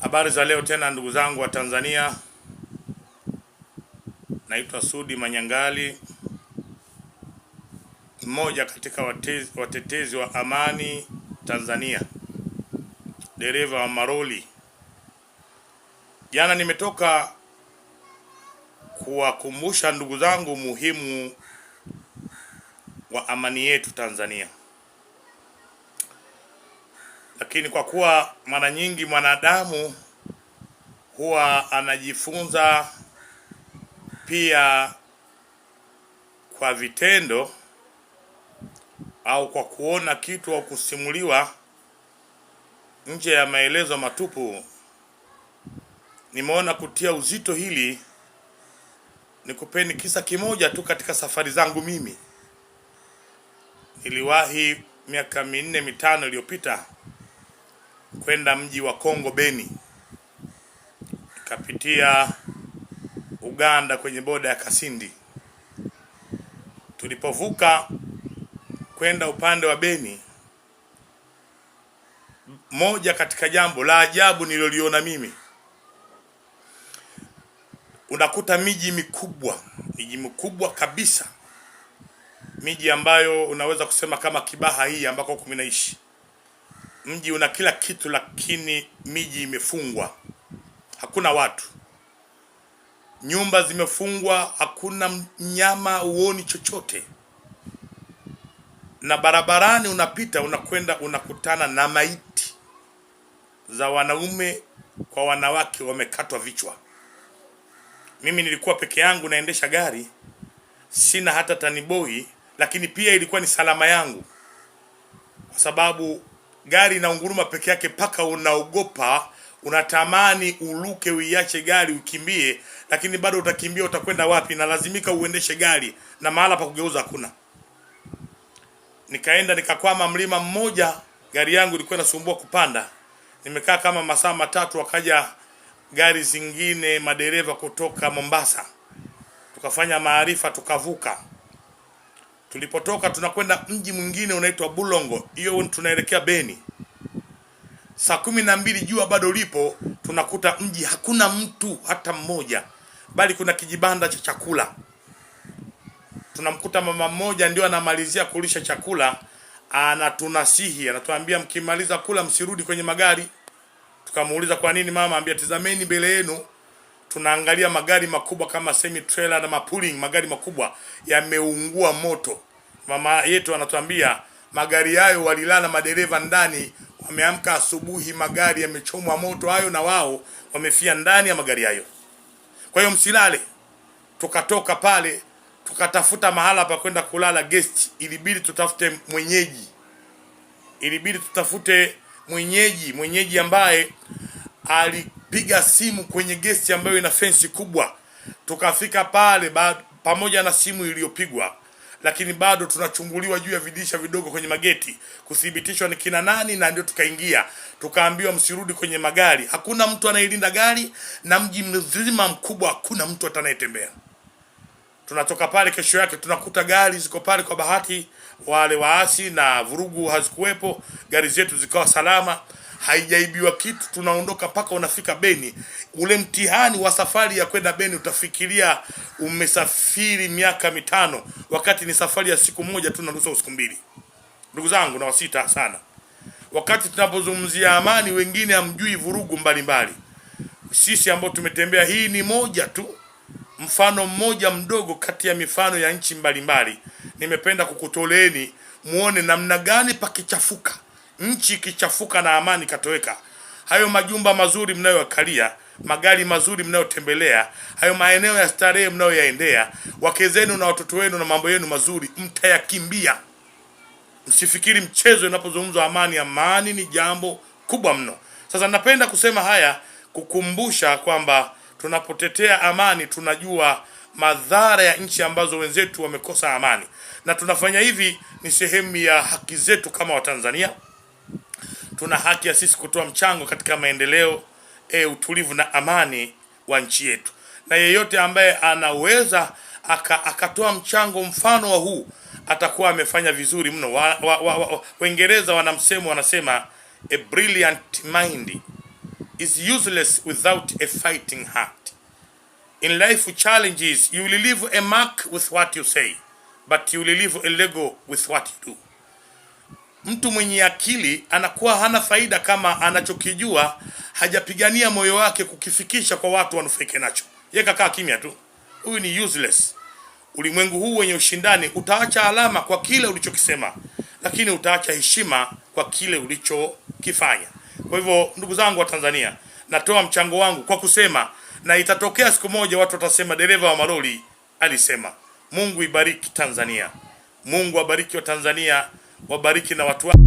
Habari za leo tena, ndugu zangu wa Tanzania. Naitwa Sudi Manyangali, mmoja katika watezi, watetezi wa amani Tanzania, dereva wa maroli. Jana nimetoka kuwakumbusha ndugu zangu muhimu wa amani yetu Tanzania. Lakini kwa kuwa mara nyingi mwanadamu huwa anajifunza pia kwa vitendo au kwa kuona kitu au kusimuliwa nje ya maelezo matupu, nimeona kutia uzito hili. Nikupeni kisa kimoja tu katika safari zangu mimi. Niliwahi miaka minne mitano iliyopita kwenda mji wa Kongo Beni, ikapitia Uganda kwenye boda ya Kasindi. Tulipovuka kwenda upande wa Beni, moja katika jambo la ajabu nililoliona mimi, unakuta miji mikubwa, miji mikubwa kabisa, miji ambayo unaweza kusema kama Kibaha hii ambako kumi Mji una kila kitu, lakini miji imefungwa, hakuna watu, nyumba zimefungwa, hakuna mnyama, uoni chochote, na barabarani unapita, unakwenda unakutana na maiti za wanaume kwa wanawake, wamekatwa vichwa. Mimi nilikuwa peke yangu naendesha gari, sina hata taniboi, lakini pia ilikuwa ni salama yangu kwa sababu gari inaunguruma peke yake mpaka unaogopa, unatamani uluke uiache gari ukimbie, lakini bado utakimbia, utakwenda wapi? Na lazimika uendeshe gari na mahala pa kugeuza hakuna. Nikaenda nikakwama mlima mmoja, gari yangu ilikuwa inasumbua kupanda, nimekaa kama masaa matatu, wakaja gari zingine madereva kutoka Mombasa, tukafanya maarifa, tukavuka Tulipotoka tunakwenda mji mwingine unaitwa Bulongo, hiyo tunaelekea Beni. Saa kumi na mbili jua bado lipo, tunakuta mji hakuna mtu hata mmoja, bali kuna kijibanda cha chakula. Tunamkuta mama mmoja ndio anamalizia kulisha chakula, anatunasihi, anatuambia mkimaliza kula msirudi kwenye magari. Tukamuuliza kwa nini mama, ambia tizameni mbele yenu tunaangalia magari makubwa kama semi trailer na mapuling, magari makubwa yameungua moto mama yetu anatuambia magari hayo walilala madereva ndani, wameamka asubuhi magari yamechomwa moto hayo, na wao wamefia ndani ya magari hayo. Kwa hiyo msilale. Tukatoka pale tukatafuta mahala pa kwenda kulala guest, ilibidi tutafute mwenyeji, ilibidi tutafute mwenyeji, mwenyeji ambaye alipiga simu kwenye guest ambayo ina fensi kubwa. Tukafika pale ba, pamoja na simu iliyopigwa lakini bado tunachunguliwa juu ya vidisha vidogo kwenye mageti kuthibitishwa ni kina nani, na ndio tukaingia tukaambiwa msirudi kwenye magari. Hakuna mtu anayelinda gari na mji mzima mkubwa, hakuna mtu atanayetembea. Tunatoka pale, kesho yake tunakuta gari ziko pale. Kwa bahati wale waasi na vurugu hazikuwepo, gari zetu zikawa salama haijaibiwa kitu, tunaondoka mpaka unafika Beni. Ule mtihani wa safari ya kwenda Beni utafikiria umesafiri miaka mitano, wakati ni safari ya siku moja tu, naruhusa siku mbili. Ndugu zangu, na wasita sana wakati tunapozungumzia amani, wengine hamjui vurugu mbalimbali mbali. Sisi ambao tumetembea, hii ni moja tu mfano mmoja mdogo kati ya mifano ya nchi mbalimbali. Nimependa kukutoleeni muone namna gani pakichafuka nchi ikichafuka na amani katoweka. Hayo majumba mazuri mnayoyakalia, magari mazuri mnayotembelea, hayo maeneo ya starehe mnayoyaendea, wake zenu na watoto wenu na mambo yenu mazuri mtayakimbia. Msifikiri mchezo inapozungumzwa amani. Amani ni jambo kubwa mno. Sasa napenda kusema haya kukumbusha kwamba tunapotetea amani tunajua madhara ya nchi ambazo wenzetu wamekosa amani, na tunafanya hivi ni sehemu ya haki zetu kama Watanzania tuna haki ya sisi kutoa mchango katika maendeleo e, utulivu na amani wa nchi yetu, na yeyote ambaye anaweza akatoa aka, mchango mfano wa huu atakuwa amefanya vizuri mno. Waingereza wa, wa, wa, wa, wa, wana msemo wanasema a brilliant mind is useless without a fighting heart. In life challenges you will leave a mark with what you say but you will leave a lego with what you do mtu mwenye akili anakuwa hana faida kama anachokijua hajapigania moyo wake kukifikisha kwa watu wanufaike nacho. Yeye kakaa kimya tu, huyu ni useless. Ulimwengu huu wenye ushindani utaacha alama kwa kile ulichokisema, lakini utaacha heshima kwa kile ulichokifanya. Kwa hivyo, ndugu zangu wa Tanzania, natoa mchango wangu kwa kusema, na itatokea siku moja watu watasema dereva wa maroli alisema. Mungu ibariki Tanzania, Mungu abariki wa Tanzania wabariki na watu wako.